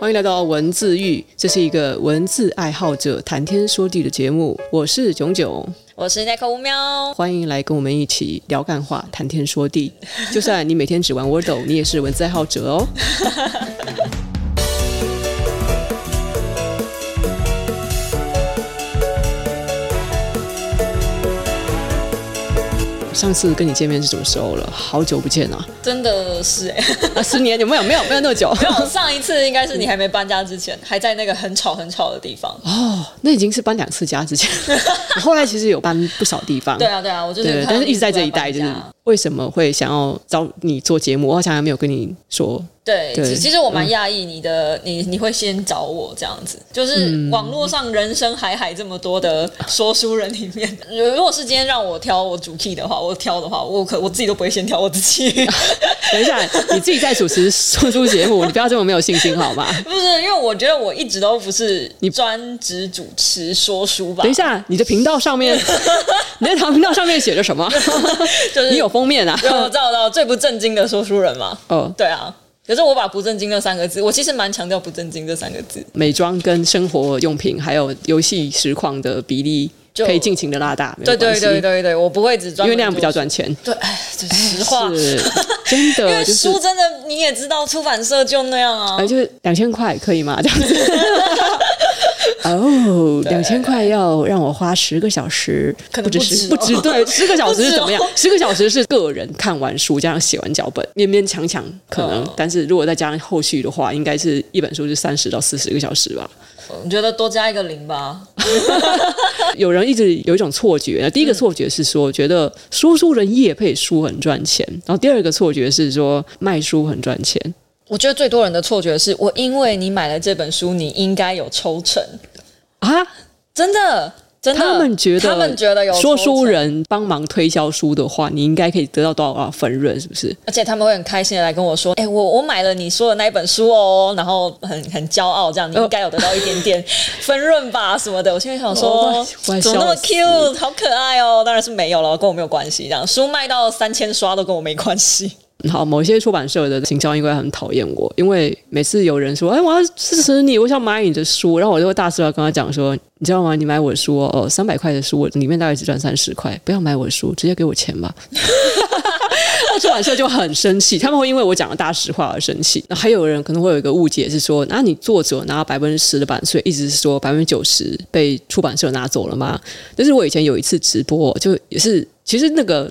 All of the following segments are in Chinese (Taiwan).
歡迎來到文字寓，這是一個文字愛好者談天說地的節目。我是冏冏，我是 Neko 嗚喵，歡迎來跟我們一起聊幹話、談天說地。就算你每天只玩 Wordle，你也是文字愛好者哦。 上次跟你見面是什麼時候了？好久不見啊！真的是哎、欸啊， 十年有沒有？沒有，沒有那麼久。沒有，上一次應該是你還沒搬家之前、嗯，還在那個很吵很吵的地方。哦，那已經是搬兩次家之前。 後來其實有搬不少地方。 對啊，對啊，我就覺得，但是一直在這一帶。就是為什麼會想要找你做節目？我好像還沒有跟你說。對，對，其實我蠻訝異你的，你你會先找我這樣子，就是網絡上人生海海這麼多的說書人裡面，嗯，如果是今天讓我挑我主 key 的話，我挑的話，我可我自己都不會先挑我自己。等一下， 你自己在主持 說書節目，你不要這麼沒有信心好嗎？不是，因為我覺得我一直都不是你專職主持說書吧？等一下，你的頻道上面， 你的頻道上面寫着什麼？ 就是你有封面啊？有，照照最不正經的說書人嘛？哦、oh.，對啊。可是我把“不正經”這三個字，我其實蠻強調“不正經”這三個字。美妝跟生活用品還有遊戲實況的比例，可以盡情的拉大。對對對對對，我不會只賺，因為那樣比較賺錢。對，哎，這實話是真的， 書真的、就是、你也知道，出版社就那樣啊。呃，就是兩千塊可以嗎？這樣子。 哦、oh,，兩千塊要讓我花十個小時，不止十，不止,不止,、喔、不止,不止對十個小時是怎麼樣？十、喔、個小時是個人看完書，加上寫完腳本，勉勉強強可能。Uh, 但是如果再加上後續的話，應該是一本書是三十到四十個小時吧？你覺得多加一個零吧？ 有人一直有一種錯覺，第一個錯覺是說覺得說書人業配書很賺錢，然後第二個錯覺是說賣書很賺錢。我覺得最多人的錯覺是我因為你買了這本書，你應該有抽成。啊真的，真的，他們覺得他們覺得有說書人幫忙推銷書的話，你應該可以得到多少多少分潤，是不是？而且他們會很開心的來跟我說：“哎、欸，我我買了你說的那一本書哦。”然後很很驕傲，這樣你應該有得到一點點分潤吧，什麼的。我現在想說、哦我，怎麼那麼 cute，好可愛哦！當然是沒有了，跟我沒有關係。這樣書賣到三千刷都跟我沒關係。好，某些出版社的行銷，應該很討厭我，因為每次有人說：“哎，我要支持你，我想買你的書。”然後我就會大聲地跟他講說：“你知道嗎？你買我的書哦，哦，三百塊的書，我裡面大概只賺三十塊，不要買我的書，直接給我錢吧。 ”那 出版社就很生氣，他們會因為我講了大實話而生氣。那還有人可能會有一個誤解是說：“那你作者拿百分之十的版稅，一直是說百分之九十被出版社拿走了嗎？”但是我以前有一次直播，就也是其實那個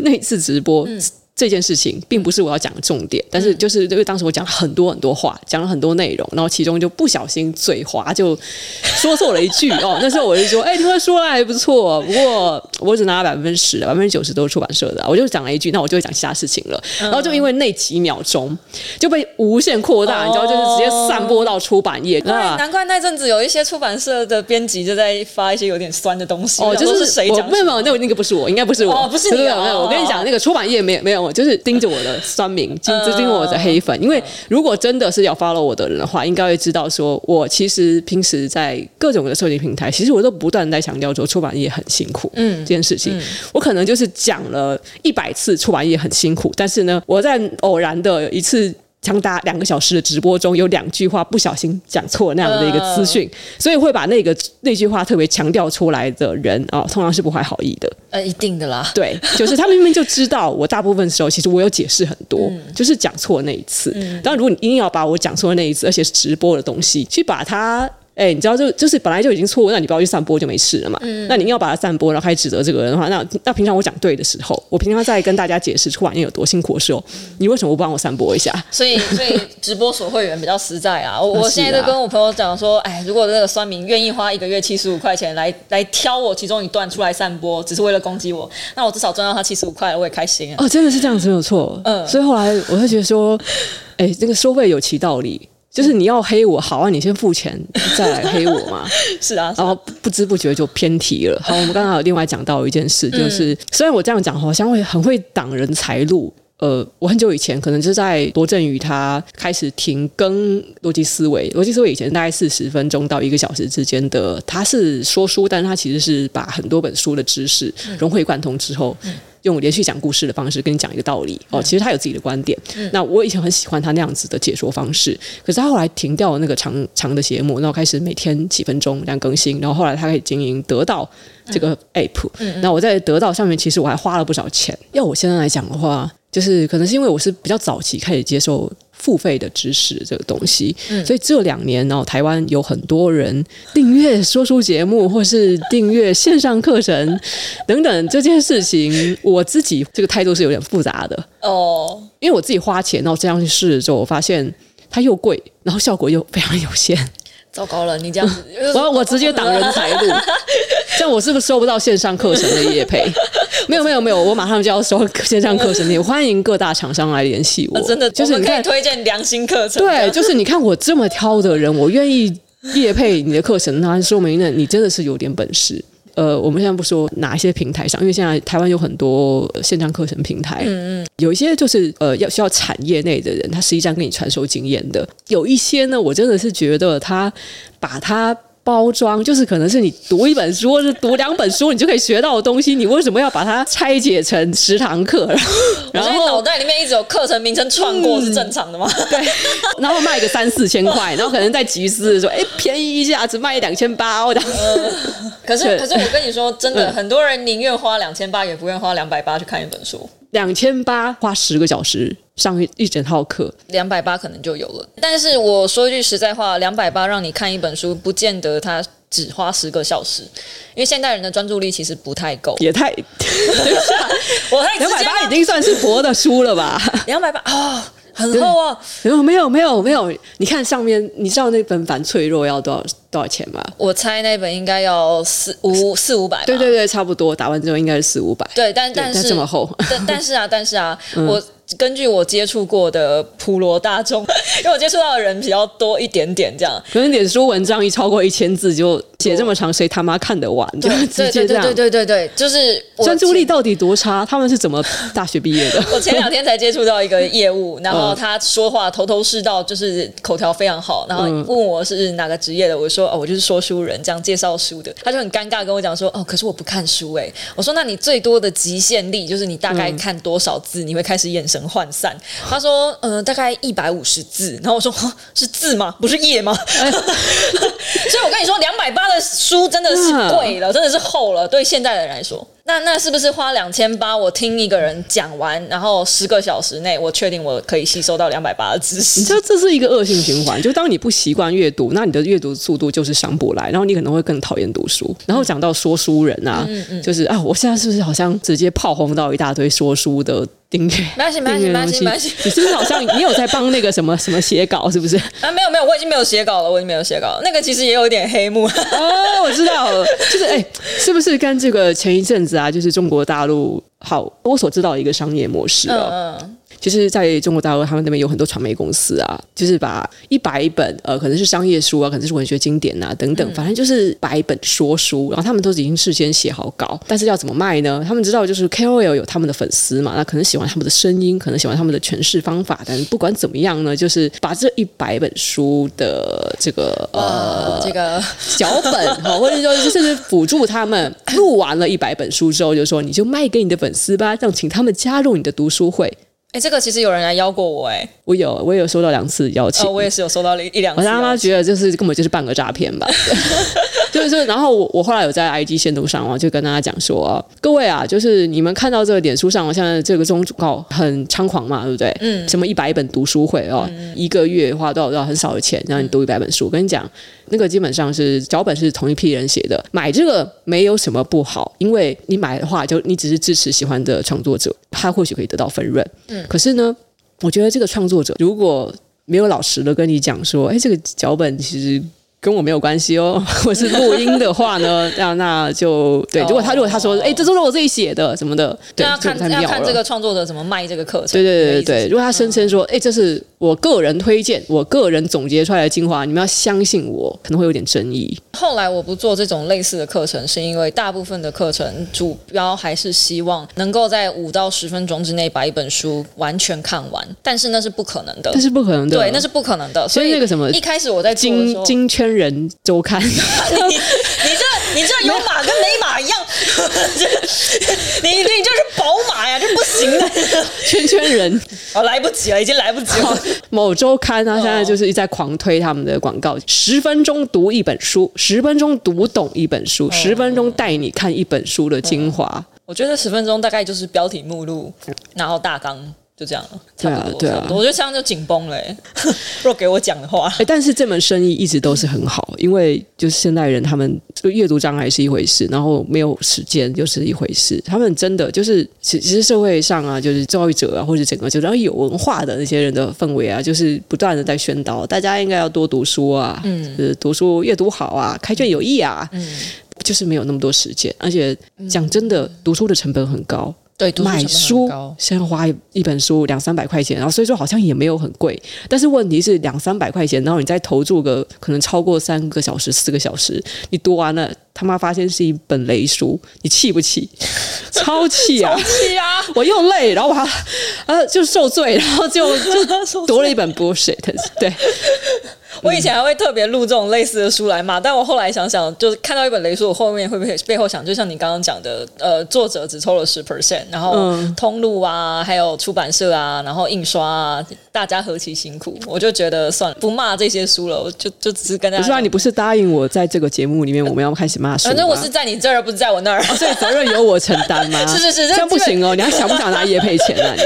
那一次直播。嗯這件事情並不是我要講的重點，但是就是因為當時我講了很多很多話、嗯，講了很多內容，然後其中就不小心嘴滑就說錯了一句 哦。那時候我就說：“哎、欸，他說的還不錯，不過我只拿了百分之十，百分之九十都是出版社的。”我就講了一句，那我就會講其他事情了。嗯、然後就因為那幾秒鐘就被無限擴大，哦、你知道，就是直接散播到出版業，哦、對，難怪那陣子有一些出版社的編輯就在發一些有點酸的東西。哦，哦就是、是誰講我？沒有沒有，那我那個不是我，應該不是我，哦、不是你、啊。沒有沒有，我跟你講，哦、那個出版業沒有沒有。我就是盯着我的酸民， 盯着盯着我的黑粉。 因為如果真的是要 follow 我的人的話，應該會知道說，我其實平時在各種的社交平台，其實我都不斷在強調說，出版業很辛苦。嗯，這件事情，嗯、我可能就是講了一百次出版業很辛苦，但是呢，我在偶然的一次。長達兩個小時的直播中，有兩句話不小心講錯那樣的一個資訊、呃，所以會把那個那句話特別強調出來的人啊、哦，通常是不懷好意的。呃，一定的啦，對，就是他們明明就知道我大部分時候 其實我有解釋很多，嗯、就是講錯那一次、嗯。但如果你硬要把我講錯的那一次，而且是直播的東西，去把它。哎、欸，你知道就就是本來就已經錯誤，那你不要去散播就沒事了嘛。嗯、那你一定要把它散播，然後還指責這個人的話，那那平常我講對的時候，我平常在跟大家解釋突然間有多辛苦的時候，嗯、你為什麼不幫我散播一下？所以所以直播鎖會員比較實在啊。 啊我現在就跟我朋友講說，哎，如果這個酸民願意花一個月七十五塊錢來來挑我其中一段出來散播，只是為了攻擊我，那我至少賺到他七十五塊，我也開心啊。哦，真的是這樣子，沒有錯。嗯，所以後來我就覺得說，哎，這個收費有其道理。就是你要黑我，好啊，你先付錢再來黑我嘛 是、啊。是啊，然後不知不覺就偏題了。好，我們剛剛有另外講到一件事，就是，嗯、雖然我這樣講好像會很會擋人財路，呃，我很久以前可能就是在羅振宇他開始停更邏輯思維，邏輯思維以前是大概四十分鐘到一個小時之間的，他是說書，但是他其實是把很多本書的知識融會貫通之後。嗯嗯用我連續講故事的方式跟你講一個道理哦，其實他有自己的觀點、嗯。那我以前很喜歡他那樣子的解說方式，嗯、可是他後來停掉了那個長長的節目，然後開始每天幾分鐘這樣更新，然後後來他開始經營得到這個 app、嗯。那我在得到上面其實我還花了不少錢，嗯嗯要我現在來講的話，就是可能是因為我是比較早期開始接受。付費的知識這個東西，嗯、所以這兩年，然後台灣有很多人訂閱說書節目，或是訂閱線上課程等等這件事情，我自己這個態度是有點複雜的哦，因為我自己花錢，然後這樣去試之後，我發現它又貴，然後效果又非常有限。糟糕了，你這樣子、嗯，我我直接擋人財路，這 樣我是不是收不到線上課程的業配？沒有沒有沒有，我馬上就要收線上課程，也歡迎各大廠商來聯繫我，啊。真的就是你可以推薦良心課程，就是，對，就是你看我這麼挑的人，我願意業配你的課程，啊，那說明呢，你真的是有點本事。呃，我們現在不說哪一些平台上，因為現在台灣有很多線上、呃、課程平台，嗯嗯，有一些就是呃，要需要產業內的人，他實際上給你傳授經驗的，有一些呢，我真的是覺得他把他。包裝就是可能是你讀一本書或者是讀兩本書，你就可以學到的東西，你為什麼要把它拆解成十堂課？然後，然後腦袋裡面一直有課程名稱串過、嗯、是正常的嗎？對，然後賣個三四千塊， 然後可能在集資說，哎、欸，便宜一下子，只賣兩千八。可是、是，可是我跟你說，真的，嗯、很多人寧願花兩千八，也不願花兩百八去看一本書。兩千八花十個小時上一整套課，兩百八可能就有了。但是我說句實在話，兩百八讓你看一本書，不見得它只花十個小時，因為現代人的專注力其實不太夠。也太、啊，兩 百八已經算是薄的書了吧？兩百八哦、啊，很厚哦。沒有沒有沒有沒有，你看上面，你知道那本《反脆弱》要多少？多少錢嗎？我猜那本應該要四五四五百。對對對，差不多打完之後應該是四五百。對，但是對但是這麼厚，但但是啊，但是啊，嗯、我根據我接觸過的普羅大眾，因為我接觸到的人比較多一點點，這樣。可能臉書文章一超過一千字就寫這麼長，誰、哦、他媽看得完？就直接這樣。對對對對對對對，就是專注力到底多差？他們是怎麼大學畢業的？我前兩天才接觸到一個業務，然後他說話、嗯、頭頭是道，就是口條非常好，然後問我是哪個職業的，我說。哦，我就是說書人，這樣介紹書的。他就很尷尬跟我講說，哦，可是我不看書哎。我說，那你最多的極限力就是你大概看多少字，嗯、你會開始眼神渙散？嗯、他說，嗯、呃，大概一百五十字，然後我說是字嗎？不是頁嗎？哎 所以，我跟你說，兩百八的書真的是貴了，yeah. 真的是厚了。對現在的人來說，那那是不是花兩千八？我聽一個人講完，然後十個小時內，我確定我可以吸收到兩百八的知識。你知道這是一個惡性循環。 就當你不習慣閱讀，那你的閱讀速度就是上不來，然後你可能會更討厭讀書。然後講到說書人啊，嗯、就是啊，我現在是不是好像直接炮轟到一大堆說書的？沒關係，沒關係，沒關係，沒關係。你是不是好像你有在幫那個什麼 什麼寫稿？是不是啊？沒有，沒有，我已經沒有寫稿了，我已經沒有寫稿了。那個其實也有點黑幕哦、 啊。我知道了，就是哎，、欸，是不是跟這個前一陣子啊，就是中國大陸好我所知道的一個商業模式啊。嗯嗯。其實，在中國大陸，他們那邊有很多傳媒公司啊，就是把一百本，呃，可能是商業書啊，可能是文學經典吶、啊，等等，反正就是百本說書。然後他們都已經事先寫好稿，但是要怎麼賣呢？他們知道就是 KOL 有他們的粉絲嘛，那可能喜歡他們的聲音，可能喜歡他們的詮釋方法，但是不管怎麼樣呢，就是把這一百本書的這個呃這個腳本， 或者說甚至輔助他們錄完了一百本書之後，就說你就賣給你的粉絲吧，讓請他們加入你的讀書會。哎，這個其實有人來邀過我哎，我有，我也有收到兩次邀請，哦、我也是有收到了一兩次。我他媽覺得就是根本就是半個詐騙吧，對 就是就然後我我後來有在 IG 線路上啊、哦，就跟大家講說、哦，各位啊，就是你們看到這個臉書上現、哦、在這個中告很猖狂嘛，對不對？嗯。什麼一百本讀書會哦，嗯、一個月花到多少、多少很少的錢，讓你讀一百本書。我、嗯、跟你講，那個基本上是腳本是同一批人寫的，買這個沒有什麼不好，因為你買的話，就你只是支持喜歡的創作者，他或許可以得到分潤。嗯。可是呢，我覺得這個創作者如果沒有老實的跟你講說，哎，這個腳本其實。跟我沒有關係哦。我是錄音的話呢， 那那就對。如果他如果他說，哎、 欸，這都是我自己寫的什麼的，對，要看要看這個創作者怎麼賣這個課程。對對對對，如果他聲稱說，哎、嗯欸，這是我個人推薦，我個人總結出來的精華，你們要相信我，可能會有點爭議。後來我不做這種類似的課程，是因為大部分的課程主要還是希望能夠在五到十分鐘之內把一本書完全看完，但是那是不可能的，那是不可能的，對，那是不可能的。所以那個什麼，一開始我在做的金金圈。人周刊 你，你你你這你這有馬跟沒馬一樣， 你你這是寶馬呀，這不行的。圈圈人，哦，來不及了，已經來不及了。某周刊啊，哦、現在就是一再狂推他們的廣告：十分鐘讀一本書，十分鐘讀懂一本書，哦、十分鐘帶你看一本書的精華、哦。我覺得十分鐘大概就是標題目錄，然後大綱。就這樣了，對啊對啊，對啊，我覺得這樣就緊繃嘞。若給我講的話，欸，但是這門生意一直都是很好， 因為就是現代人他們就閱讀障礙是一回事，然後沒有時間就是一回事。他們真的就是其實社會上啊，就是教育者啊，或者整個就是有文化的那些人的氛圍啊，就是不斷的在宣導大家應該要多讀書啊，嗯，就是，讀書閱讀好啊，開卷有益啊，嗯，就是沒有那麼多時間，而且講真的，嗯，讀書的成本很高。對讀，買書先花一本書兩三百塊錢，然後所以說好像也沒有很貴，但是問題是兩三百塊錢，然後你再投注個可能超過三個小時、四個小時，你讀完了他媽發現是一本雷書，你氣不氣？超氣啊！ 超氣啊！我又累，然後我呃就受罪，然後就就讀了一本 bullshit，對。我以前還會特別錄這種類似的書來罵，嗯、但我後來想想，就是看到一本雷書，我後面會不會背後想，就像你剛剛講的，呃，作者只抽了十 percent，然後通路啊，還有出版社啊，然後印刷、啊，大家何其辛苦，我就覺得算了，不罵這些書了，我就就只是跟大家。不是啊，你不是答應我在這個節目裡面我們要開始罵書，反、嗯、正、嗯、我是在你這兒，不是在我那兒，啊、所以責任由我承擔嗎？ 是是是，這樣不行哦， 你還想不想拿業配錢啊？你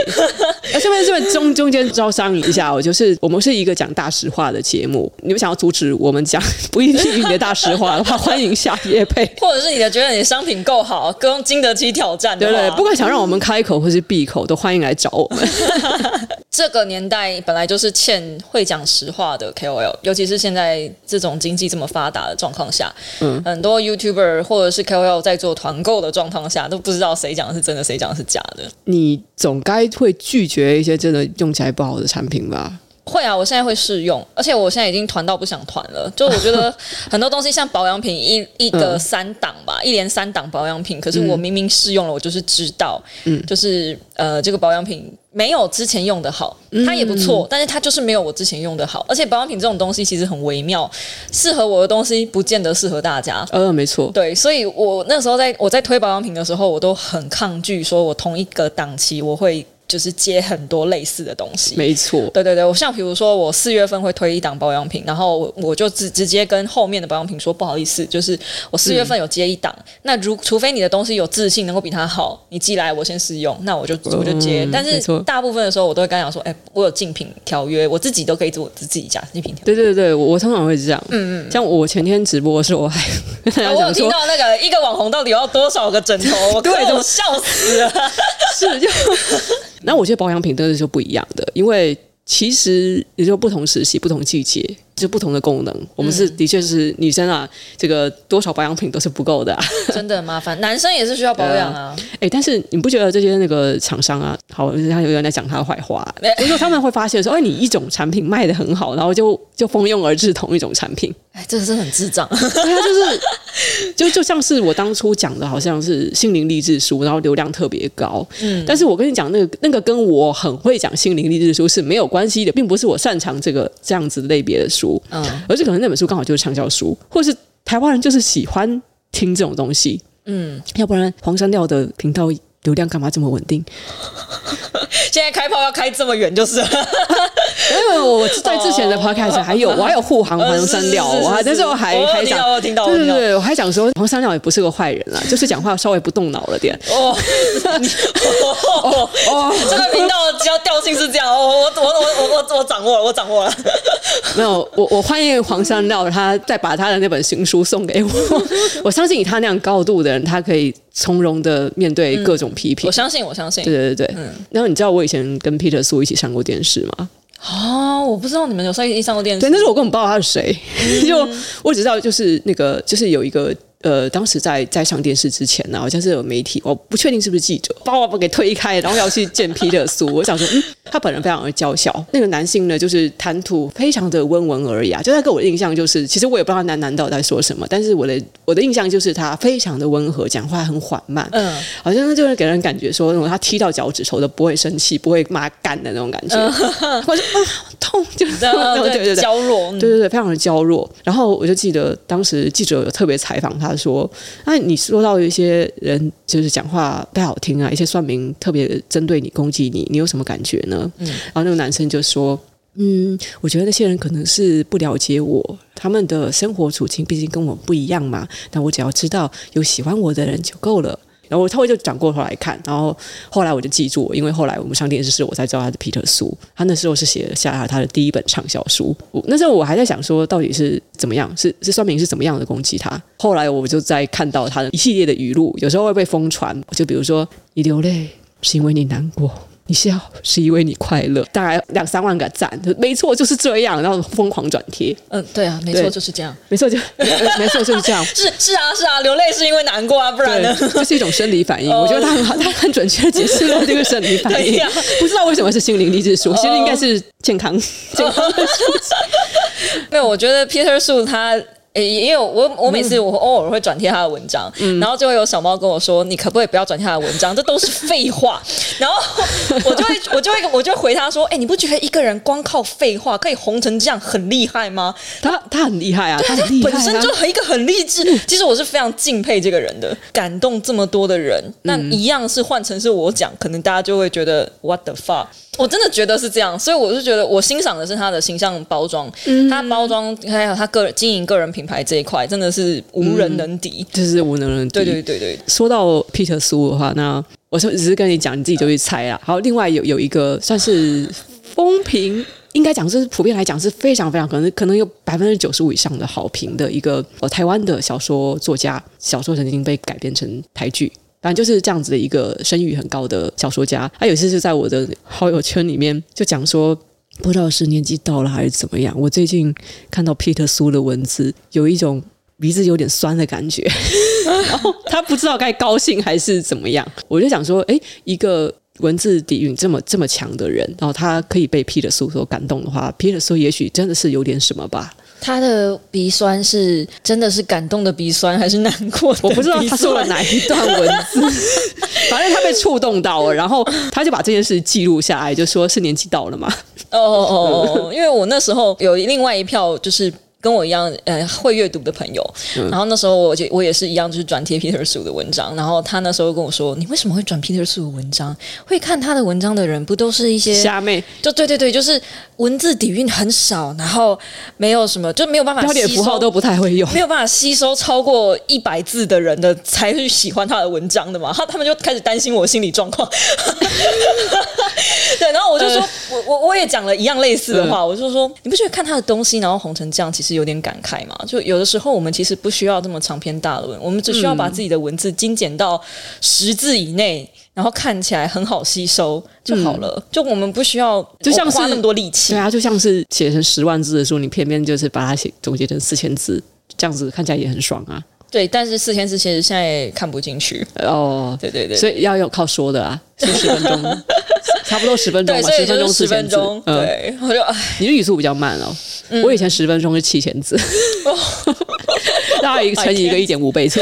那這邊這邊中中間招商一下、哦，我就是我們是一個講大實話的節目。你們想要阻止我們講不一定是你的大實話的話， 歡迎下業配，或者是你的覺得你的商品夠好，更經得起挑戰，對不對？不管想讓我們開口或是閉口，嗯、都歡迎來找我們。 這個年代本來就是欠會講實話的 K O L，尤其是現在這種經濟這麼發達的狀況下，嗯，很多 YouTuber 或者是 K O L 在做團購的狀況下，都不知道誰講的是真的，誰講的是假的。你總該會拒絕一些真的用起來不好的產品吧？會啊，我現在會試用，而且我現在已經團到不想團了。就我覺得很多東西，像保養品一 一,一個三檔吧、嗯，一連三檔保養品。可是我明明試用了，我就是知道，嗯，就是呃，這個保養品沒有之前用的好，它也不錯、嗯，但是它就是沒有我之前用的好。而且保養品這種東西其實很微妙，適合我的東西不見得適合大家。嗯、呃，沒錯，對，所以我那時候在我在推保養品的時候，我都很抗拒，說我同一個檔期我會。就是接很多類似的東西，沒錯，對對對，像比如說我四月份會推一檔保養品，然後我就直直接跟後面的保養品說不好意思，就是我四月份有接一檔、嗯，那如除非你的東西有自信能夠比它好，你寄來我先試用，那我就、嗯、我就接，但是大部分的時候我都會跟他講說，哎、欸，我有競品條約，我自己都可以做自自己家競品條。對對對，我通常，常會這樣，嗯嗯，像我前天直播的時候，我還跟、啊、我有聽到那個一個網紅到底要多少個枕頭， 對我快都笑死了， 是就。那我覺得保養品真的是不一樣的，因為其實也就不同時期、不同季節。是不同的功能，嗯、我們是的確是女生啊，這個多少保養品都是不夠的，啊，真的很麻煩。男生也是需要保養啊。哎、啊欸，但是你不覺得這些那個廠商啊，好，他有人在講他的壞話、啊，比如說他們會發現說，哎、欸，你一種產品賣得很好，然後就就蜂擁而至同一種產品，哎、欸，真的是很智障。他、啊、就是就就像是我當初講的好像是心靈勵志書，然後流量特別高。嗯，但是我跟你講，那個那個跟我很會講心靈勵志書是沒有關係的，並不是我擅長這個這樣子類別的書。嗯，而且可能那本書剛好就是暢銷書，或是台灣人就是喜歡聽這種東西，嗯，要不然黃山料的頻道流量幹嘛這麼穩定？現在開炮要開這麼遠就是了。 因為我在之前的 podcast 還有我還有護航黃山鳥，我還那時候還還想對對對，我還講說黃山鳥也不是個壞人啊，就是講話稍微不動腦了點。哦哦哦，這個頻道只要調性是這樣，我我我我我我掌握了，我掌握了。沒有，我我歡迎黃山鳥，他再把他的那本行書送給我。 我相信以他那樣高度的人，他可以從容的面對各種批評，嗯。我相信，我相信。對對對對，嗯。然後你知道我以前跟 p 特蘇一起上過電視嗎？哦，我不知道你們有一起上過電視。對，但是我根本不知道他是誰，嗯嗯 就我只知道就是那個，就是有一個。呃，當時在在上電視之前呢、啊，好像是有媒體，我不確定是不是記者，把我們給推開，然後要去見 Peter Su。 我想說，嗯，他本人非常的嬌小，那個男性呢，就是談吐非常的溫文爾雅、啊。就他給我的印象就是，其實我也不知道喃喃道在說什麼，但是我的我的印象就是他非常的溫和，講話很緩慢，嗯，好像就是給人感覺說，那種他踢到腳趾頭都不會生氣，不會罵幹的那種感覺。嗯、我就啊、呃，痛就對, 對,對對對，嬌弱，對對對，非常的嬌弱、嗯。然後我就記得當時記者有特別採訪他。他說：“那、啊、你說到一些人，就是講話不太好聽啊，一些酸民特別針對你攻擊你，你有什麼感覺呢？”嗯，然後那個男生就說：“嗯，我覺得那些人可能是不了解我，他們的生活處境畢竟跟我不一樣嘛。但我只要知道有喜歡我的人就夠了。”然後我稍微就轉過頭來看，然後後來我就記住，因為後來我們上電視時我才知道他是 Peter Su，他那時候是寫了下他的第一本暢銷書。那時候我還在想說到底是怎麼樣，是是算命是怎麼樣的攻擊他。後來我就在看到他的一系列的語錄，有時候會被瘋傳，就比如說你流淚是因為你難過。你笑是因為你快樂，大概兩三萬個讚，沒錯就是這樣，然後瘋狂轉貼。嗯，對啊，沒錯就是這樣，沒錯就，沒錯就是這樣。 是是啊是啊，流淚是因為難過啊，不然呢？這，就是一種生理反應，oh. 我覺得他很好，他很準確的解釋了這個生理反應。 不知道為什麼是心靈勵志書，oh. 其實應該是健康，oh. 健康的書。 沒有，我覺得 Peter Su 他。誒、欸，因為我我每次，嗯、我偶爾會轉貼他的文章，嗯，然後就會有小貓跟我說：“你可不可以不要轉貼他的文章？這都是廢話。 ”然後我就會我就會我就會回他說、欸：“你不覺得一個人光靠廢話可以紅成這樣，很厲害嗎？”他他很厲害、啊、害啊，他本身就很一個很勵志、嗯。其實我是非常敬佩這個人的，感動這麼多的人。那一樣是換成是我講，可能大家就會覺得、嗯、“What the fuck”。我真的覺得是這樣，所以我是覺得我欣賞的是他的形象包裝、嗯，他包裝還有他個人經營個人品牌這一塊真的是無人能敵、嗯，就是無人能敵。對對對對，說到 Peter Su 的話，那我說只是跟你講，你自己就去猜啦、嗯。好，另外有有一個算是風評， 應該講是普遍來講是非常非常可能可能有百分之九十五以上的好評的一個台灣的小說作家，小說曾經被改編成台劇。反正就是這樣子的一個聲譽很高的小說家，他有一次就在我的好友圈裡面就講說，不知道是年紀到了還是怎麼樣，我最近看到 Peter Su 的文字，有一種鼻子有點酸的感覺， 然後他不知道該高興還是怎麼樣。我就想說，哎，一個文字底蘊這麼這麼強的人，然後他可以被 Peter Su 所感動的話，Peter Su 也許真的是有點什麼吧。他的鼻酸是真的是感動的鼻酸還是難過的？我不知道他說了哪一段文字， 反正他被觸動到了，然後他就把這件事記錄下來，就說是年紀到了嘛。哦哦哦，因為我那時候有另外一票就是。跟我一樣，呃，會閱讀的朋友。然後那時候我就我也是一樣，就是轉貼 Peter 叔的文章。然後他那時候跟我說：“你為什麼會轉 Peter 叔的文章？會看他的文章的人，不都是一些蝦妹？就對對對，就是文字底蘊很少，然後沒有什麼，就沒有辦法，標點符號都不太會用，沒有辦法吸收超過一百字的人的，才去喜歡他的文章的嘛。他”他他們就開始擔心我心理狀況。 對，然後我就說，呃、我我我也講了一樣類似的話、嗯，我就說：“你不覺得看他的東西，然後紅成這樣，其實？”是有點感慨嘛？就有的時候我們其實不需要這麼長篇大論、嗯，我們只需要把自己的文字精簡到十字以內，然後看起來很好吸收就好了、嗯。就我們不需要，就像花那麼多力氣，對啊，就像是寫成十萬字的時候，你偏偏就是把它寫總結成四千字，這樣子看起來也很爽啊。對，但是四千字其實現在看不進去哦。對,對對對，所以要有靠說的啊，四十分鐘。 差不多十分鐘吧，是十分鐘四千字對，嗯。我就你的語速比較慢哦。嗯、我以前十分鐘是七千字，大家乘以一個一點五倍，這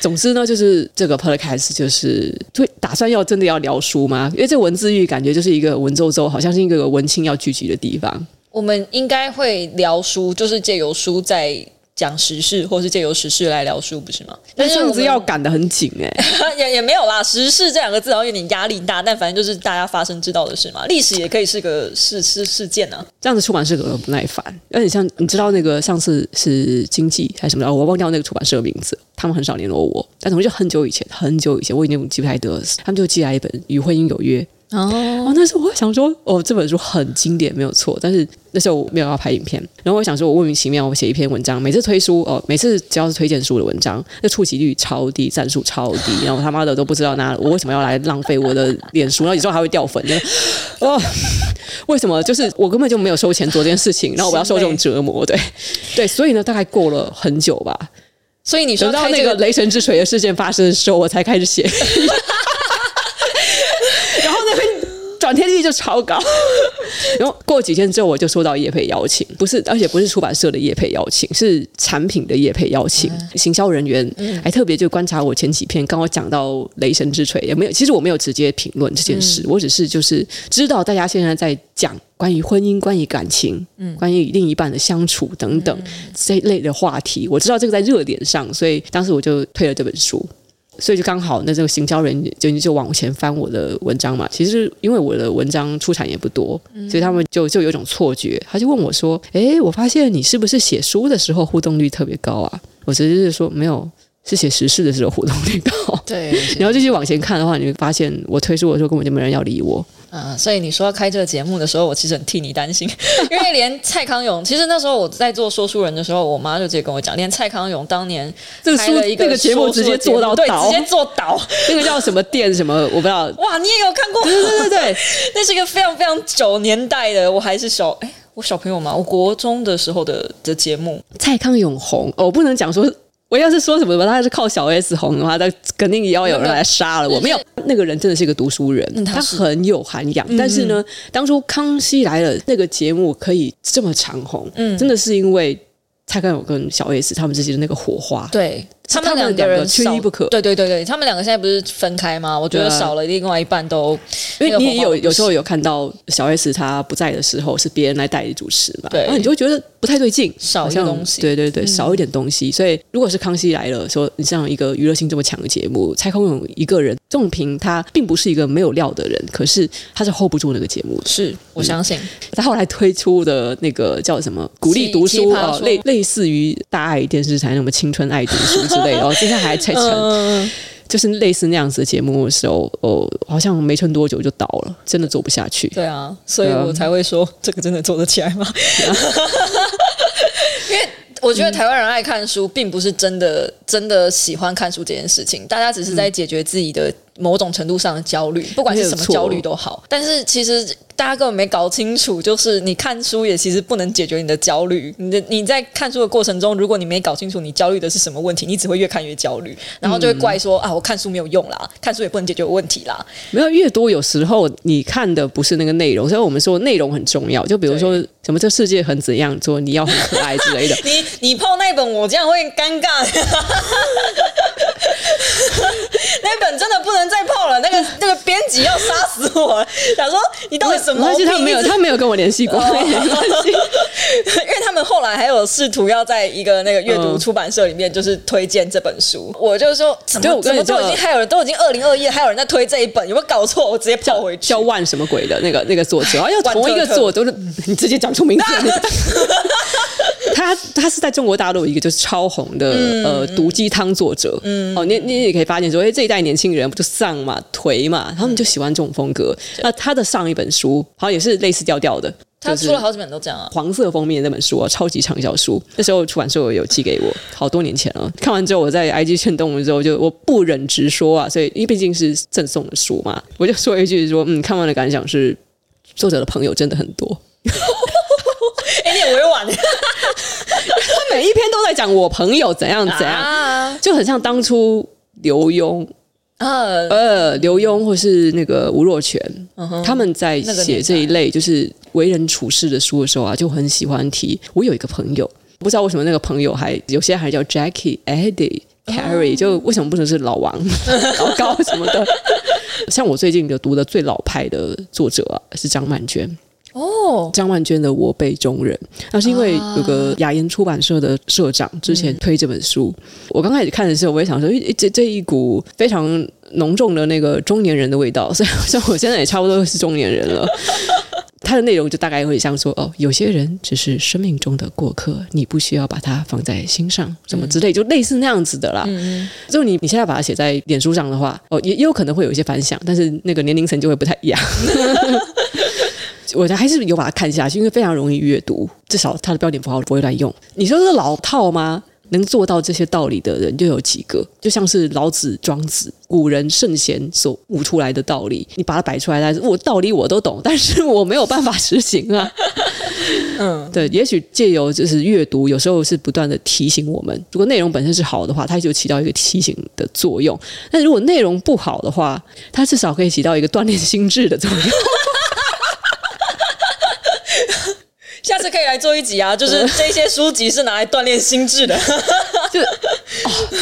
總之呢，就是這個 podcast 就是，打算要真的要聊書嗎？因為這文字寓，感覺就是一個文縐縐，好像是一個文青要聚集的地方。我們應該會聊書，就是借由書在。講時事，或是借由時事來聊書，不是嗎？但是這樣子要趕得很緊哎、欸，也也沒有啦。時事這兩個字好像有點壓力大，但反正就是大家發生知道的事嘛。歷史也可以是個事事事件啊。這樣子出版社可能不耐煩。而且像你知道那個上次是經濟還是什麼，我忘掉那個出版社的名字。他們很少聯絡我，但總之就很久以前，很久以前，我已經記不太得。他們就寄來一本《與婚姻有約》。Oh. 哦，但那時候我想說，哦，這本書很經典，沒有錯。但是那時候我沒有要拍影片，然後我想說，我莫名其妙，我寫一篇文章，每次推書，哦、呃，每次只要是推薦書的文章，那觸及率超低，讚數超低，然後我他媽的都不知道那我為什麼要來浪費我的臉書。那你說還會掉粉的哦？為什麼？就是我根本就沒有收錢做這件事情，然後我要受這種折磨，對對。所以呢，大概過了很久吧，所以你說、這個、到那個雷神之錘的事件發生的時候，我才開始寫。 天地就超高，然後過幾天之後，我就收到業配邀請。不是，而且不是出版社的業配邀請，是產品的業配邀請。行銷人員還特別就觀察我前幾篇，跟我講到《雷神之錘》，也沒有，其實我沒有直接評論這件事，我只是就是知道大家現在在講關於婚姻、關於感情、關於與另一半的相處等等這一類的話題，我知道這個在熱點上，所以當時我就推了這本書。所以就剛好，那這個行銷人就就往前翻我的文章嘛。其實因為我的文章出產也不多，所以他們就就有一種錯覺。他就問我說：“哎、欸，我發現你是不是寫書的時候互動率特別高啊？”我直接是說：“沒有，是寫時事的時候互動率高。對對”對，然後繼續往前看的話，你就發現我推書的時候根本就沒人要理我。啊，所以你說要開這個節目的時候，我其實很替你擔心，因為連蔡康永，其實那時候我在做說書人的時候，我媽就直接跟我講，連蔡康永當年個說的這個書一、那個節目直接做到對，直接做倒。 那個叫什麼店什麼，我不知道。哇，你也有看過？ 對對對，對，對 那是一個非常非常久年代的，我還是小誒我小朋友嘛，我國中的時候的的節目，蔡康永紅哦，不能講說。我要是說什麼他要是靠小 S 紅的話，他肯定也要有人來殺了我。那個、沒有，那個人真的是一個讀書人，嗯、他，他很有涵養、嗯。但是呢，當初康熙來了那個節目可以這麼長紅，嗯、真的是因為蔡康永跟小 S 他們之間的那個火花，對。他們兩個人缺一不可。對對對對，他們兩個現在不是分開嗎？我覺得少了另外一半都。因為你有有時候有看到小 S 他不在的時候，是別人來代理主持嘛，然後、啊、你就會覺得不太對勁，少一樣東西。對對對，少一點東西、嗯。所以如果是康熙來了，說你像一個娛樂性這麼強的節目，蔡康永一個人。宋平他並不是一個沒有料的人，可是他是 hold 不住那個節目的，是我相信、嗯。他後來推出的那個叫什麼“鼓勵讀書”啊、類類似於大愛電視台什麼青春愛讀書之類的哦， 然後今天還在撐、呃，就是類似那樣子的節目的時候，哦，好像沒撐多久就倒了，真的做不下去。對啊，所以我才會說，嗯、這個真的做得起來嗎？ 我覺得台灣人愛看書，並不是真的真的喜歡看書這件事情，大家只是在解決自己的。某種程度上的焦慮，不管是什麼焦慮都好。但是其實大家根本沒搞清楚，就是你看書也其實不能解決你的焦慮。你的你在看書的過程中，如果你沒搞清楚你焦慮的是什麼問題，你只會越看越焦慮，然後就會怪說、嗯、啊，我看書沒有用啦，看書也不能解決問題啦。沒有，越多有時候你看的不是那個內容，所以我們說內容很重要。就比如說什麼這世界很怎樣，說你要很可愛之類的。 你你泡那本，我這樣會尷尬。 那本真的不能再泡了，那個那個編輯要殺死我了。想說：“你到底什麼東西？他沒有，他沒有跟我聯繫過、哦。因為他們後來還有試圖要在一個那個閱讀出版社裡面，就是推薦這本書。我就說：“怎麼我跟你說怎麼都已經還有人都已經二零二一還有人在推這一本，有沒有搞錯？”我直接叫回去叫。叫萬什麼鬼的那個那個作者，啊，又同一個作者，嗯、你直接講出名字。啊、 他他是在中國大陸一個就是超紅的、嗯、呃毒雞湯作者、嗯。哦，你你也可以發現說，誒。這一代年輕人不就喪嘛、頹嘛，他們就喜歡這種風格。嗯、那他的上一本書，好像也是類似調調的。他出了好幾本都這樣啊，就是、黃色封面的那本書啊，超級暢銷書。那時候出版社有寄給我， 好多年前了。看完之後，我在 IG 勸動之後，就我不忍直說啊。所以，因為畢竟是贈送的書嘛，我就說一句說：說嗯，看完的感想是作者的朋友真的很多。哎、 欸，你也委婉 他每一篇都在講我朋友怎樣怎樣，啊啊就很像當初。劉墉啊，uh, 呃，劉墉或是那個吳若權、uh -huh, 他們在寫這一類就是為人處世的書的時候啊，就很喜歡提。我有一個朋友，不知道為什麼那個朋友還有些還叫 Jackie、Eddie、Carrie，、uh -huh. 就為什麼不能是老王、老高，高什麼的？ 像我最近就讀的最老派的作者、啊、是張曼娟。哦，張萬娟的《我輩中人》，那是因為有個雅言出版社的社長之前推這本書。嗯、我剛開始看的時候，我也想說，誒，這這一股非常濃重的那個中年人的味道，所以像我現在也差不多是中年人了。它的內容就大概會像說，哦，有些人只是生命中的過客，你不需要把它放在心上，什麼之類，就類似那樣子的啦。嗯、就你你現在把它寫在臉書上的話，哦，也有可能會有一些反響，但是那個年齡層就會不太一樣。嗯 我還是有把它看下去，因為非常容易閱讀，至少它的標點符號不會亂用。你說是老套嗎？能做到這些道理的人就有幾個，就像是老子、莊子、古人聖賢所悟出來的道理，你把它擺出來，但是我、哦、道理我都懂，但是我沒有辦法實行啊。嗯，對，也許借由就是閱讀，有時候是不斷的提醒我們。如果內容本身是好的話，它就起到一個提醒的作用；但如果內容不好的話，它至少可以起到一個鍛鍊心智的作用。 下次可以來做一集啊！就是這些書籍是拿來鍛鍊心智的， 就啊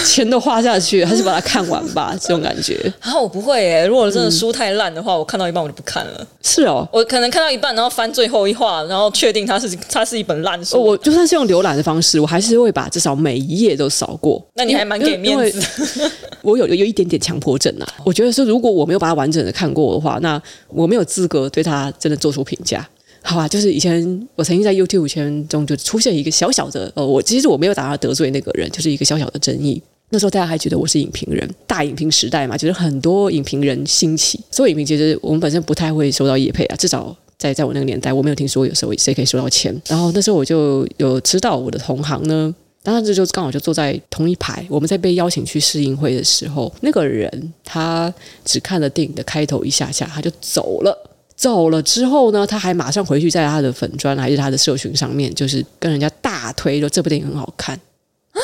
錢、哦、都花下去，還是把它看完吧， 這種感覺。啊，我不會耶。如果真的書太爛的話、嗯，我看到一半我就不看了。是哦，我可能看到一半，然後翻最後一話，然後確定它是它是一本爛書。我就算是用瀏覽的方式，我還是會把至少每一頁都掃過。那你還蠻給面子，我有有一點點強迫症啊！哦、我覺得是，如果我沒有把它完整的看過的話，那我沒有資格對它真的做出評價。好啊，就是以前我曾經在 YouTube 圈中，就出現一個小小的，呃，我其實我沒有打算得罪那個人，就是一個小小的爭議。那時候大家還覺得我是影評人，大影評時代嘛，就是很多影評人興起。所以影評，其實我們本身不太會收到業配啊，至少在在我那個年代，我沒有聽說有收誰可以收到錢。然後那時候我就有知道我的同行呢，當時就剛好就坐在同一排。我們在被邀請去試映會的時候，那個人他只看了電影的開頭一下下，他就走了。走了之後呢，他還馬上回去在他的粉專還是他的社群上面，就是跟人家大推說這部電影很好看。啊、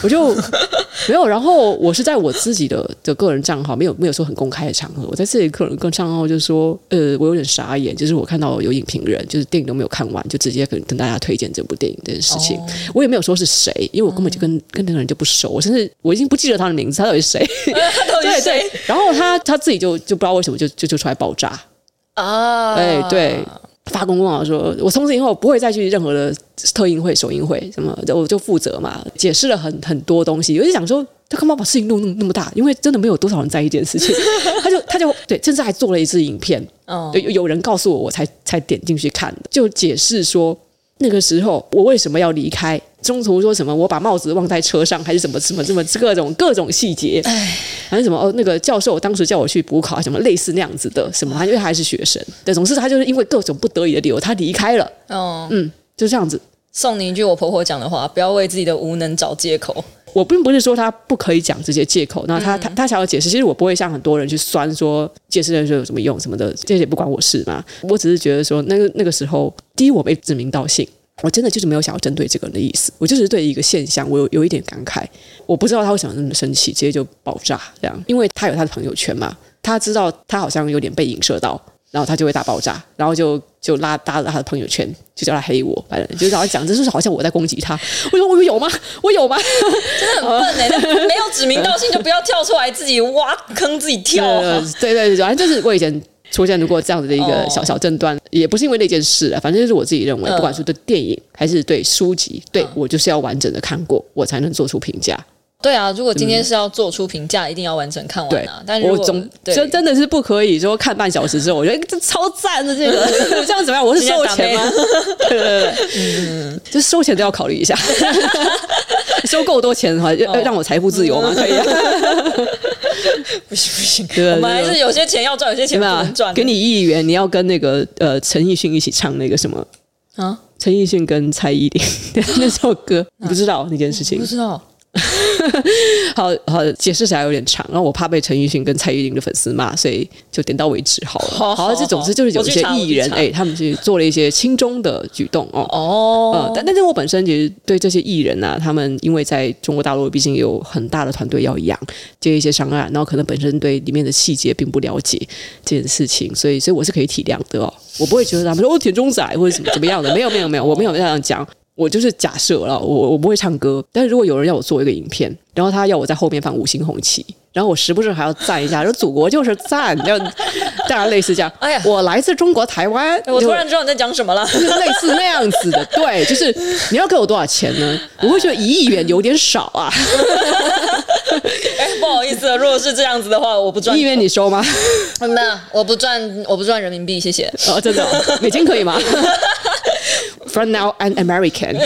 我就沒有，然後我是在我自己的的個人賬號，沒有沒有說很公開的場合，我在自己的個人跟賬號就是說，呃，我有點傻眼，就是我看到有影評人，就是電影都沒有看完，就直接跟跟大家推薦這部電影這件事情，哦、我也沒有說是誰，因為我根本就跟、嗯、跟那個人就不熟，我甚至我已經不記得他的名字，他到底是誰？啊、他到底是誰？ 對對。然後他他自己就就不知道為什麼就就就出來爆炸。啊，哎，對，發公告說，我從此以後不會再去任何的特映會、首映會什麼，就我就負責嘛，解釋了很很多東西。我就想說，他幹嘛把事情弄那麼那麼大？因為真的沒有多少人在意這件事情。 他就他就對，甚至還做了一支影片。哦，有有人告訴我，我才才點進去看的，就解釋說那個時候我為什麼要離開。中途說什麼我把帽子忘在車上，還是什麼什麼什麼各種各種，各種細節，唉還是什麼哦那個教授當時叫我去補考，什麼類似那樣子的，什麼因為他還是學生，對，總之他就是因為各種不得已的理由，他離開了。嗯、哦、嗯，就這樣子。送你一句我婆婆講的話：不要為自己的無能找借口。我並不是說他不可以講這些借口，那他、嗯、他他想要解釋，其實我不會像很多人去酸說解釋人說有什麼用什麼的，這些也不關我事嘛。我只是覺得說那個那個時候，第一我被指名道姓。我真的就是沒有想要針對這個人的意思，我就是對一個現象，我有有一點感慨，我不知道他為什麼那麼生氣，直接就爆炸這樣，因為他有他的朋友圈嘛，他知道他好像有點被影射到，然後他就會大爆炸，然後就就拉拉了他的朋友圈，就叫他黑我，反正就是老講，這就是好像我在攻擊他。我說我有嗎？我有嗎？真的很笨哎，欸， 沒有指名道姓就不要跳出來自己挖坑自己跳，對對對，對，反正就是我以前。出現如果這樣子的一個小小爭端、嗯哦，也不是因為那件事了。反正就是我自己認為，呃、不管是對電影還是對書籍，啊、對我就是要完整的看過，我才能做出評價、啊。對啊，如果今天是要做出評價，一定要完整看完啊。對但我總這真的是不可以說看半小時之後，我覺得這超讚的這個，嗯、 這樣怎麼樣？我是收錢嗎？ 對對對，嗯，就收錢都要考慮一下， 收夠多錢的話，就、哦、讓我財富自由嗎、嗯、可以、啊。 不行不行，我們還是有些錢要賺，有些錢不能賺、啊。給你一億元，你要跟那個呃陳奕迅一起唱那個什麼啊？陳奕迅跟蔡依林 那首歌，你不知道那件事情？不知道。 好好解釋起來有點長，然後我怕被陳奕迅跟蔡依林的粉絲罵，所以就點到為止好了。好,好,好，這總之就是有一些藝人哎、欸，他們去做了一些親中的舉動哦。哦，oh. 嗯、但但是，我本身其實對這些藝人吶、啊，他們因為在中國大陸畢竟有很大的團隊要養，接一些商案，然後可能本身對裡面的細節並不了解這件事情，所以所以我是可以體諒的哦。我不會覺得他們說哦舔中仔或者怎麼怎麼樣的，沒有沒有沒有,沒有，我沒有那樣講。我就是假設了，我我不會唱歌，但是如果有人要我做一個影片，然後他要我在後面放五星紅旗，然後我時不時還要讚一下，說祖國就是讚，要大家類似這樣。哎呀，我來自中國台灣，我突然知道你在講什麼了，就是類似那樣子的， 對，就是你要給我多少錢呢？我會覺得一億元有點少啊。 哎，不好意思了，如果是這樣子的話，我不賺一億元你收嗎？那我不賺，我不賺人民幣，謝謝。哦，真的啊？美金可以嗎？ Run now an American，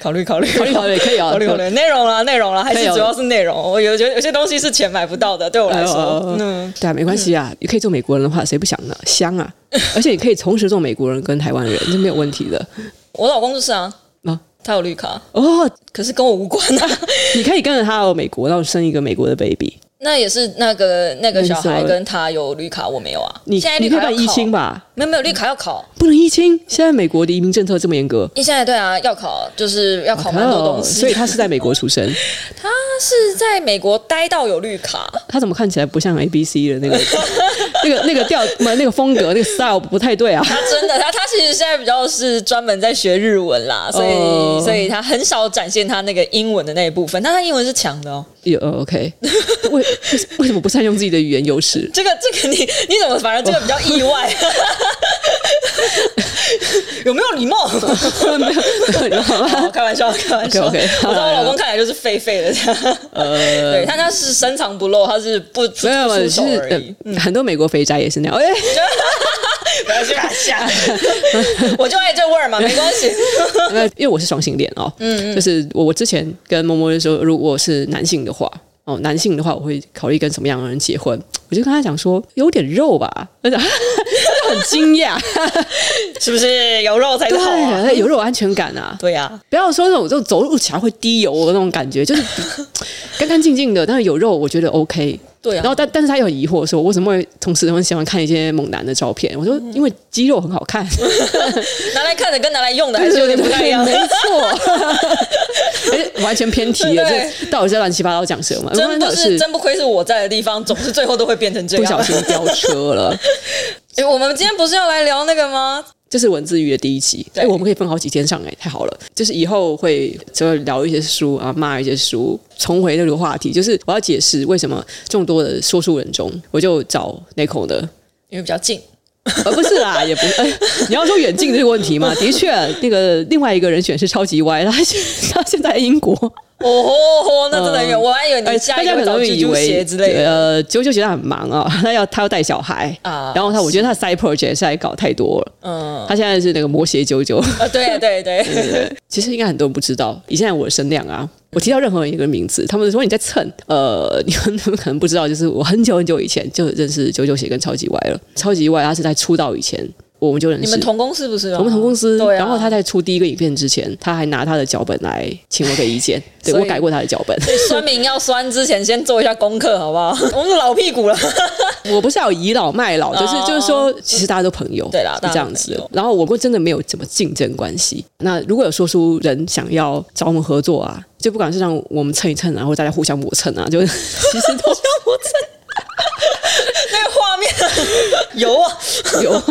考慮考慮 考慮考慮可以啊，考慮考慮內容了、啊、內容了、啊，還是主要是內容。有我有覺得有些東西是錢買不到的，對我來說，嗯，對啊，沒關係啊、嗯，你可以做美國人的話，誰不想呢？香啊！ 而且你可以同時做美國人跟台灣人是沒有問題的。我老公就是啊，啊，他有綠卡哦，可是跟我無關啊。哦、 你可以跟着他到美國，然後生一個美國的 baby。那也是那個那個小孩跟他有綠卡，我沒有啊。你現在綠卡要考？你要依親吧沒有沒有、嗯，綠卡要考，不能依親。現在美國的移民政策這麼嚴格。你現在對啊，要考，就是要考很多東西、okay、所以他是在美國出生， 他是在美國待到有綠卡。他怎麼看起來不像 A B C 的那個 那個那個調？不，那個風格那個 style 不太對啊。他真的，他他其實現在比較是專門在學日文啦，所以、oh. 所以他很少展現他那個英文的那一部分。但他英文是強的哦。有、yeah, OK，為 為什麼不善用自己的語言優勢？這個這個你你怎麼反而這個比較意外， 有沒有禮貌？沒有，有嗎？開玩笑，開玩笑。OK，, okay. 我在我老公看來就是廢廢的這樣。呃， 對，但他是深藏不露，他是不沒有，是很多美國肥宅也是那樣。哎。不要去打下， 我就愛這味兒嘛，沒關係。 因為我是雙性戀哦嗯嗯，就是我我之前跟默默說，如果我是男性的話，哦，男性的話，我會考慮跟什麼樣的人結婚？我就跟他講說，有點肉吧，他 很驚驚訝， 是不是有肉才好、啊？對，有肉安全感啊，對呀、啊，不要說那種就走路起來會滴油的那種感覺，就是乾乾淨淨的， 但是有肉，我覺得 OK。對、啊，然後但但是他有疑惑說，我怎麼會同時都很喜歡看一些猛男的照片？我說，因為肌肉很好看， 拿來看的跟拿來用的還是有點不太一樣。 對對對沒錯，哎、 欸，完全偏題了對對對，這到底在亂七八糟講什麼？真不是， 是真不愧是我在的地方，總是最後都會變成這樣， 不小心飆車了。誒、 欸、我們今天不是要來聊那個嗎？這、就是文字寓，的第一期，所以我們可以分好幾天上哎、欸，太好了。就是以後會就聊一些書啊，罵一些書，重回那個話題。就是我要解釋為什麼眾多的說書人中，我就找 Neko 的，因為比較近。哦、不是啦，也不是、欸，你要說遠近這個問題嘛？的確，那個另外一個人選是超級歪，他他現在，在英國。哦吼吼，那真的有，嗯、我還以為你家啾啾，大家可能以為呃，啾啾覺得很忙啊、哦，他要他要帶小孩啊，然後他我覺得他 side project 現在搞太多了，嗯，他現在是那個魔鞋啾啾，啊，對啊對、啊、對、啊 嗯，其實應該很多人不知道，以現在我的聲量啊，我提到任何一個名字，他們說你在蹭，呃，你們可能不知道，就是我很久很久以前就認識啾啾鞋跟超級歪了，超級歪他是在出道以前。我們就認識，你們同公司不是？啊、我們同公司對、啊，然後他在出第一個影片之前，他還拿他的腳本來請我給意見，對我改過他的腳本。酸民要酸之前先做一下功課，好不好？我們是老屁股了。我不是要倚老賣老，就是就是說，其實大家都朋友，哦、是是對啦，這樣子。然後我們真的沒有什麼競爭關係。那如果有說書人想要找我們合作啊，就不管是讓我們蹭一蹭、啊，然後大家互相磨蹭啊，就其實都 互相磨蹭。 那個畫畫面 有啊， 有。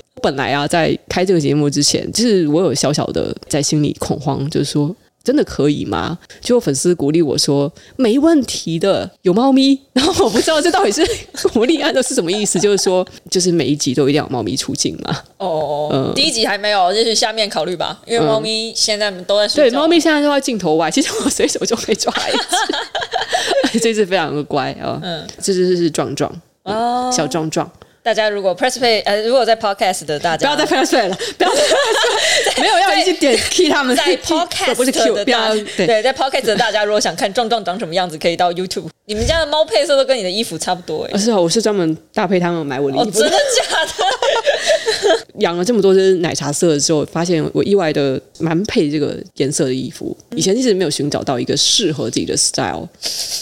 本來啊，在開這個節目之前，就是我有小小的在心裡恐慌，就是說真的可以嗎？就有粉絲鼓勵我說沒問題的，有貓咪。然後我不知道這到底是鼓勵都是什麼意思， 就是說就是每一集都一定要有貓咪出鏡嗎？哦、嗯，第一集還沒有，就是下面考慮吧。因為貓咪現在都在睡覺，嗯、對，貓咪現在都在鏡頭外，其實我隨手就可以抓一只， 這只非常的乖啊，嗯，嗯，這這是是壯壯啊，小壯壯。大家如果 press play，呃，如果在 podcast 的大家不要再 press play 了，不要再 在沒有要一起點 key 他們。在 podcast 的不是 Q，不要對，對，在 podcast 的大家如果想看壯壯長什麼樣子，可以到 YouTube。 你們家的貓配色都跟你的衣服差不多哎、欸。不是、哦，我是專門搭配他們買我的衣服，哦、真的假的？ 養了這麼多只奶茶色之後，發現我意外的蠻配這個顏色的衣服。以前一直沒有尋找到一個適合自己的 style，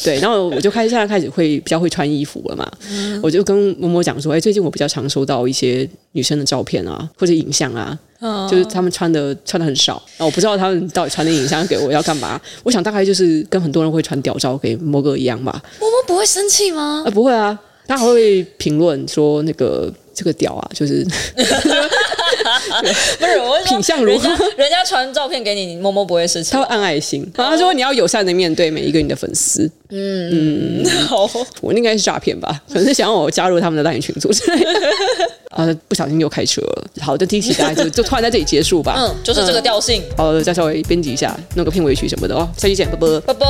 對，然後我就開始 現在開始會比較會穿衣服了嘛。嗯、我就跟摸摸講說，哎、欸，最近我比較常收到一些女生的照片啊，或者影像啊，哦、就是他們穿的穿的很少，那我不知道他們到底傳的影像給我要幹嘛。 我想大概就是跟很多人會傳屌照給摸哥一樣吧。摸摸不會生氣嗎？啊，不會啊。他還會評論說：“那個這個屌啊，就是 不是我品相如何？人家傳 照片給你，你摸摸不會生氣，啊？他會按愛心。然後他說你要友善的面對每一個你的粉絲。嗯嗯，好，我應該是詐騙吧？可能是想讓我加入他們的爛群組。呃， 不小心又開車了。好的，第一期就大家就，就突然在這裡結束吧。嗯，就是這個調性，嗯。好的，再稍微編輯一下，弄個片尾曲什麼的哦。下期見，拜拜，拜拜。”